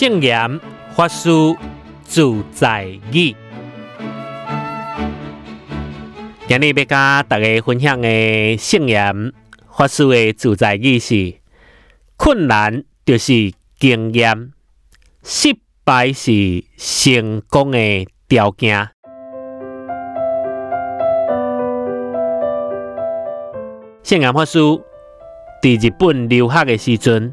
聖嚴法師自在語：今日要甲大家分享嘅聖嚴法師嘅自在語是：困難就是經驗，失敗是成功嘅條件。聖嚴法師佇日本留學嘅時陣。